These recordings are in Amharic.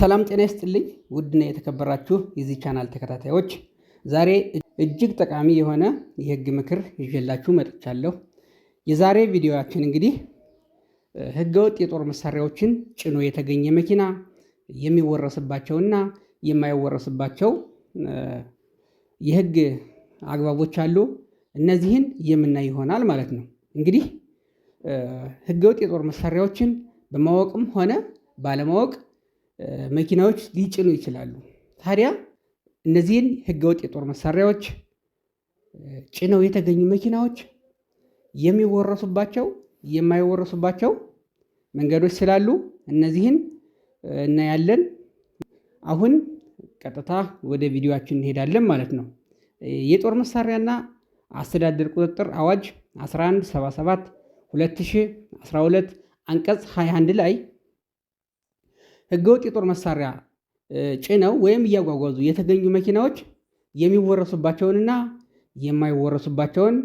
ሰላም ጤና ይስጥልኝ። ውድና የተከበራችሁ የዚህ ቻናል ተከታታዮች ዛሬ እጅግ ጠቃሚ የሆነ የህግ ምክር ይዤላችሁ መጥቻለሁ። የዛሬ ቪዲዮችን እንግዲህ ህገወጥ የጦር መሳሪያዎችን ጭኖ የተገኘ መኪና የሚወረስባቸውና የማይወረስባቸው የህግ አግባቦች አሉ። እነዚህን የምናይ ይሆናል ማለት ነው። እንግዲህ ህገወጥ የጦር መሳሪያዎችን በማወቅም ሆነ ባለማወቅ መኪናዎች ሊጭኑ ይችላሉ። ታዲያ እነዚህን ህገወጥ የጦር መሳሪያዎች ጭነው የተገኙ መኪናዎች የሚወረሱባቸው የማይወረሱባቸው መንገዶች ስላሉ እነዚህን እናያለን። አሁን ቀጥታ ወደ ቪዲዮችን እንሄዳለን ማለት ነው። የጦር መሳሪያና አስተዳደር ቁጥጥር አዋጅ 1177 2012 አንቀጽ 21 ላይ ህገወጥ የጦር መሳሪያ ጭነው ወይም እያጓጓዙ የተገኙ መኪናዎች የሚወረሱባቸውንና የማይወረሱባቸውን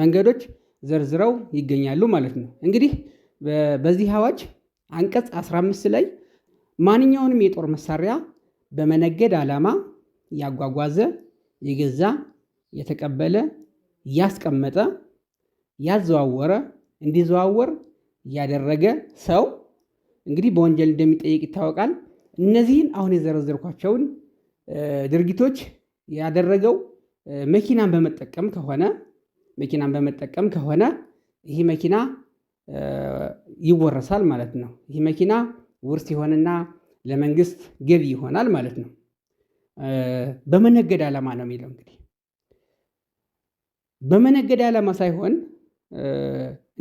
መንገዶች ዘርዝረው ይገኛሉ ማለት ነው። እንግዲህ በዚህ አዋጅ አንቀጽ 15 ላይ ማንኛውንም የጦር መሳሪያ በመነገድ ዓላማ ያጓጓዘ፣ የገዛ፣ የተቀበለ፣ ያስቀመጠ፣ ያዘዋወረ፣ እንዲዘዋወር ያደረገ ሰው እንግዲህ በወንጀል እንደሚጠየቅ ይታወቃል። እነዚህን አሁን የዘረዘርኳቸውን ድርጊቶች ያደረገው መኪናን በመጠቀም ከሆነ መኪናን በመጠቀም ከሆነ ይህ መኪና ይወረሳል ማለት ነው። ይህ መኪና ውርስ ይሆንና ለመንግስት ገቢ ይሆናል ማለት ነው። በመነገድ ዓላማ ነው የሚለው እንግዲህ በመነገድ ዓላማ ሳይሆን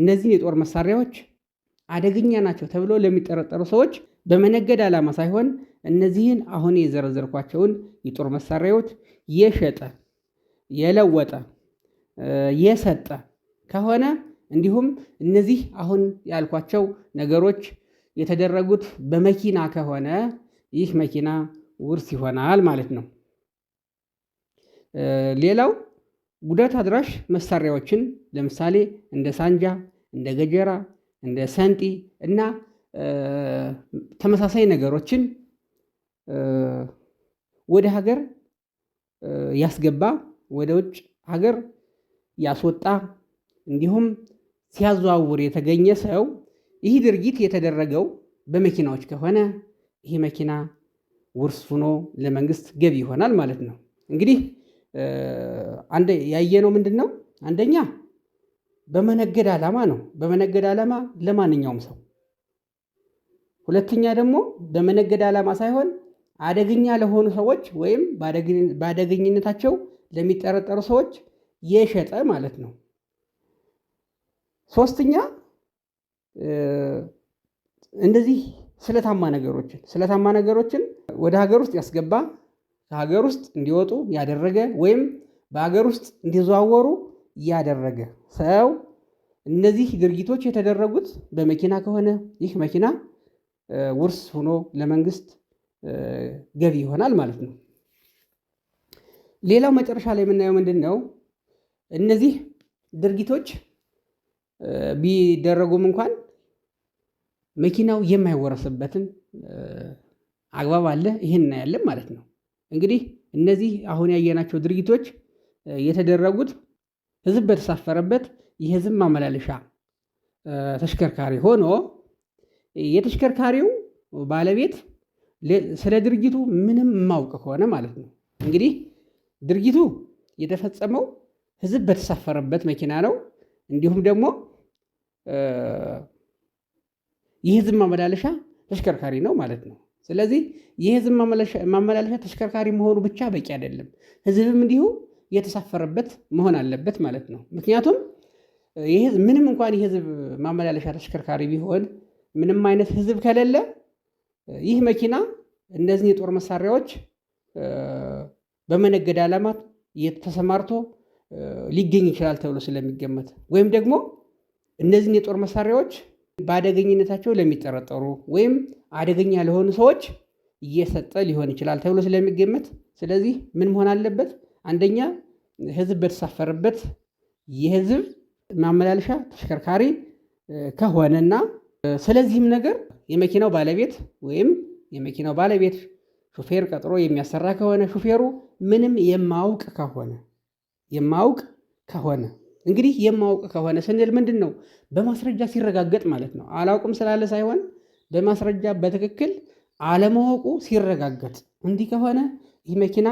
እነዚህን የጦር መሳሪያዎች አደገኛ ናቸው ተብሎ ለሚጠረጠሩ ሰዎች በመነገድ ዓላማ ሳይሆን እነዚህን አሁን የዘረዘርኳቸውን የጦር መሳሪያዎች የሸጠ፣ የለወጠ፣ የሰጠ ከሆነ እንዲሁም እነዚህ አሁን ያልኳቸው ነገሮች የተደረጉት በመኪና ከሆነ ይህ መኪና ውርስ ይሆናል ማለት ነው። ሌላው ጉዳት አድራሽ መሳሪያዎችን ለምሳሌ እንደ ሳንጃ፣ እንደ ገጀራ እንደ ሰንጢ እና ተመሳሳይ ነገሮችን ወደ ሀገር ያስገባ ወደ ውጭ ሀገር ያስወጣ እንዲሁም ሲያዘዋውር የተገኘ ሰው ይህ ድርጊት የተደረገው በመኪናዎች ከሆነ ይህ መኪና ውርስ ሆኖ ለመንግስት ገቢ ይሆናል ማለት ነው። እንግዲህ አንደ ያየነው ምንድን ነው? አንደኛ በመነገድ ዓላማ ነው። በመነገድ ዓላማ ለማንኛውም ሰው። ሁለተኛ ደግሞ በመነገድ ዓላማ ሳይሆን አደገኛ ለሆኑ ሰዎች ወይም በአደገኝነታቸው ለሚጠረጠሩ ሰዎች የሸጠ ማለት ነው። ሶስተኛ እንደዚህ ስለታማ ነገሮችን ስለታማ ነገሮችን ወደ ሀገር ውስጥ ያስገባ ከሀገር ውስጥ እንዲወጡ ያደረገ ወይም በሀገር ውስጥ እንዲዘዋወሩ ያደረገ ሰው እነዚህ ድርጊቶች የተደረጉት በመኪና ከሆነ ይህ መኪና ውርስ ሆኖ ለመንግስት ገቢ ይሆናል ማለት ነው። ሌላው መጨረሻ ላይ የምናየው ምንድን ነው? እነዚህ ድርጊቶች ቢደረጉም እንኳን መኪናው የማይወረስበትን አግባብ አለ። ይህን እናያለን ማለት ነው። እንግዲህ እነዚህ አሁን ያየናቸው ድርጊቶች የተደረጉት ህዝብ በተሳፈረበት የህዝብ ማመላለሻ ተሽከርካሪ ሆኖ የተሽከርካሪው ባለቤት ስለ ድርጊቱ ምንም ማውቅ ከሆነ ማለት ነው። እንግዲህ ድርጊቱ የተፈጸመው ህዝብ በተሳፈረበት መኪና ነው። እንዲሁም ደግሞ የህዝብ ማመላለሻ ተሽከርካሪ ነው ማለት ነው። ስለዚህ የህዝብ ማመላለሻ ተሽከርካሪ መሆኑ ብቻ በቂ አይደለም። ህዝብም እንዲሁ የተሳፈረበት መሆን አለበት ማለት ነው። ምክንያቱም ምንም እንኳን የህዝብ ማመላለሻ ተሽከርካሪ ቢሆን ምንም አይነት ህዝብ ከሌለ ይህ መኪና እነዚህን የጦር መሳሪያዎች በመነገድ ዓላማት ተሰማርቶ ሊገኝ ይችላል ተብሎ ስለሚገመት ወይም ደግሞ እነዚህን የጦር መሳሪያዎች በአደገኝነታቸው ለሚጠረጠሩ ወይም አደገኛ ለሆኑ ሰዎች እየሰጠ ሊሆን ይችላል ተብሎ ስለሚገመት፣ ስለዚህ ምን መሆን አለበት? አንደኛ ህዝብ በተሳፈረበት የህዝብ ማመላለሻ ተሽከርካሪ ከሆነና ስለዚህም ነገር የመኪናው ባለቤት ወይም የመኪናው ባለቤት ሹፌር ቀጥሮ የሚያሰራ ከሆነ ሹፌሩ ምንም የማውቅ ከሆነ የማውቅ ከሆነ እንግዲህ የማውቅ ከሆነ ስንል ምንድን ነው? በማስረጃ ሲረጋገጥ ማለት ነው። አላውቅም ስላለ ሳይሆን በማስረጃ በትክክል አለማወቁ ሲረጋገጥ እንዲህ ከሆነ ይህ መኪና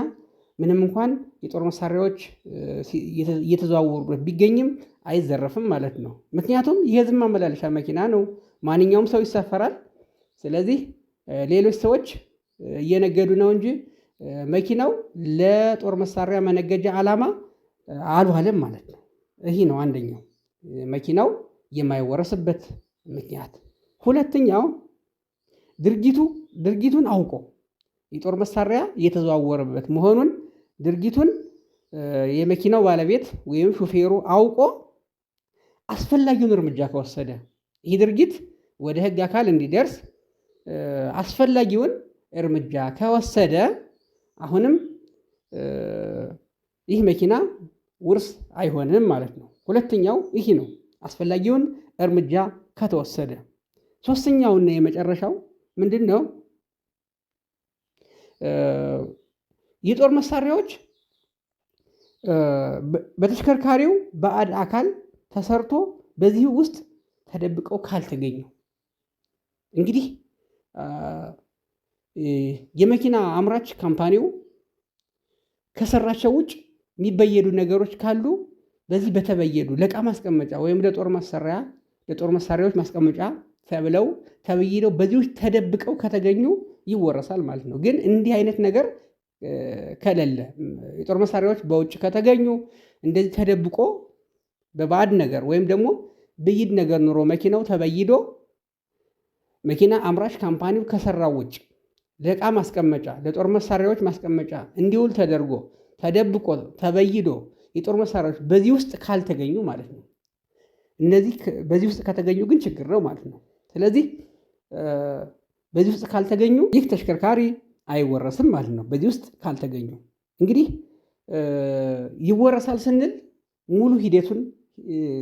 ምንም እንኳን የጦር መሳሪያዎች እየተዘዋወሩበት ቢገኝም አይዘረፍም ማለት ነው። ምክንያቱም የህዝብ ማመላለሻ መኪና ነው፣ ማንኛውም ሰው ይሳፈራል። ስለዚህ ሌሎች ሰዎች እየነገዱ ነው እንጂ መኪናው ለጦር መሳሪያ መነገጃ ዓላማ አልዋለም ማለት ነው። ይህ ነው አንደኛው መኪናው የማይወረስበት ምክንያት። ሁለተኛው ድርጊቱ ድርጊቱን አውቆ የጦር መሳሪያ እየተዘዋወረበት መሆኑን ድርጊቱን የመኪናው ባለቤት ወይም ሹፌሩ አውቆ አስፈላጊውን እርምጃ ከወሰደ ይህ ድርጊት ወደ ሕግ አካል እንዲደርስ አስፈላጊውን እርምጃ ከወሰደ አሁንም ይህ መኪና ውርስ አይሆንም ማለት ነው። ሁለተኛው ይህ ነው፣ አስፈላጊውን እርምጃ ከተወሰደ። ሶስተኛውና የመጨረሻው ምንድን ነው? የጦር መሳሪያዎች በተሽከርካሪው በአድ አካል ተሰርቶ በዚህ ውስጥ ተደብቀው ካልተገኙ እንግዲህ የመኪና አምራች ካምፓኒው ከሰራቸው ውጭ የሚበየዱ ነገሮች ካሉ በዚህ በተበየዱ ለእቃ ማስቀመጫ ወይም ለጦር መሳሪያ ለጦር መሳሪያዎች ማስቀመጫ ተብለው ተበይደው በዚህ ውስጥ ተደብቀው ከተገኙ ይወረሳል ማለት ነው። ግን እንዲህ አይነት ነገር ከሌለ የጦር መሳሪያዎች በውጭ ከተገኙ እንደዚህ ተደብቆ በባድ ነገር ወይም ደግሞ ብይድ ነገር ኑሮ መኪናው ተበይዶ መኪና አምራች ካምፓኒው ከሰራው ውጭ ለእቃ ማስቀመጫ ለጦር መሳሪያዎች ማስቀመጫ እንዲውል ተደርጎ ተደብቆ ተበይዶ የጦር መሳሪያዎች በዚህ ውስጥ ካልተገኙ ማለት ነው። እነዚህ በዚህ ውስጥ ከተገኙ ግን ችግር ነው ማለት ነው። ስለዚህ በዚህ ውስጥ ካልተገኙ ይህ ተሽከርካሪ አይወረስም ማለት ነው። በዚህ ውስጥ ካልተገኙ እንግዲህ ይወረሳል ስንል ሙሉ ሂደቱን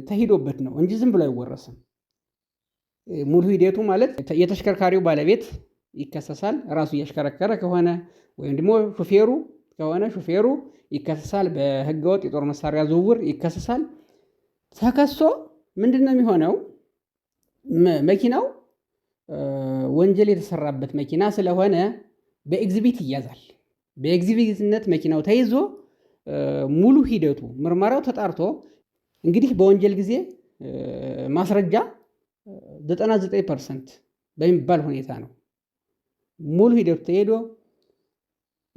ተሂዶበት ነው እንጂ ዝም ብሎ አይወረስም። ሙሉ ሂደቱ ማለት የተሽከርካሪው ባለቤት ይከሰሳል ራሱ እያሽከረከረ ከሆነ ወይም ደግሞ ሹፌሩ ከሆነ ሹፌሩ ይከሰሳል። በህገወጥ የጦር መሳሪያ ዝውውር ይከሰሳል። ተከሶ ምንድን ነው የሚሆነው? መኪናው ወንጀል የተሰራበት መኪና ስለሆነ በኤግዚቢት ይያዛል። በኤግዚቢትነት መኪናው ተይዞ ሙሉ ሂደቱ ምርመራው ተጣርቶ እንግዲህ በወንጀል ጊዜ ማስረጃ 99 ፐርሰንት በሚባል ሁኔታ ነው ሙሉ ሂደቱ ተሄዶ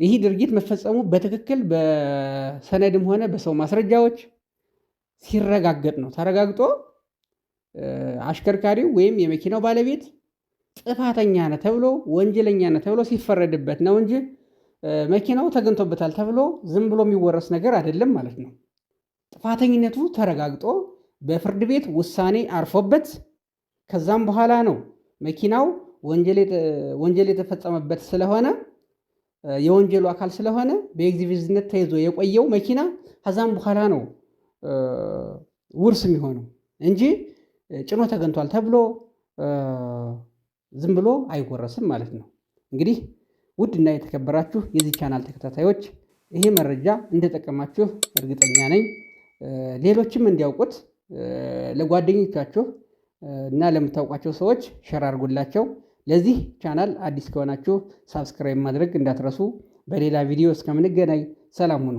ይህ ድርጊት መፈጸሙ በትክክል በሰነድም ሆነ በሰው ማስረጃዎች ሲረጋገጥ ነው። ተረጋግጦ አሽከርካሪው ወይም የመኪናው ባለቤት ጥፋተኛ ነህ ተብሎ ወንጀለኛ ነህ ተብሎ ሲፈረድበት ነው እንጂ መኪናው ተገንቶበታል ተብሎ ዝም ብሎ የሚወረስ ነገር አይደለም ማለት ነው። ጥፋተኝነቱ ተረጋግጦ በፍርድ ቤት ውሳኔ አርፎበት ከዛም በኋላ ነው መኪናው ወንጀል የተፈጸመበት ስለሆነ የወንጀሉ አካል ስለሆነ በኤግዚቢዝነት ተይዞ የቆየው መኪና ከዛም በኋላ ነው ውርስ የሚሆነው እንጂ ጭኖ ተገንቷል ተብሎ ዝም ብሎ አይወረስም ማለት ነው። እንግዲህ ውድ እና የተከበራችሁ የዚህ ቻናል ተከታታዮች ይሄ መረጃ እንደጠቀማችሁ እርግጠኛ ነኝ። ሌሎችም እንዲያውቁት ለጓደኞቻችሁ እና ለምታውቋቸው ሰዎች ሸር አድርጉላቸው። ለዚህ ቻናል አዲስ ከሆናችሁ ሳብስክራይብ ማድረግ እንዳትረሱ። በሌላ ቪዲዮ እስከምንገናኝ ሰላም ሁኑ።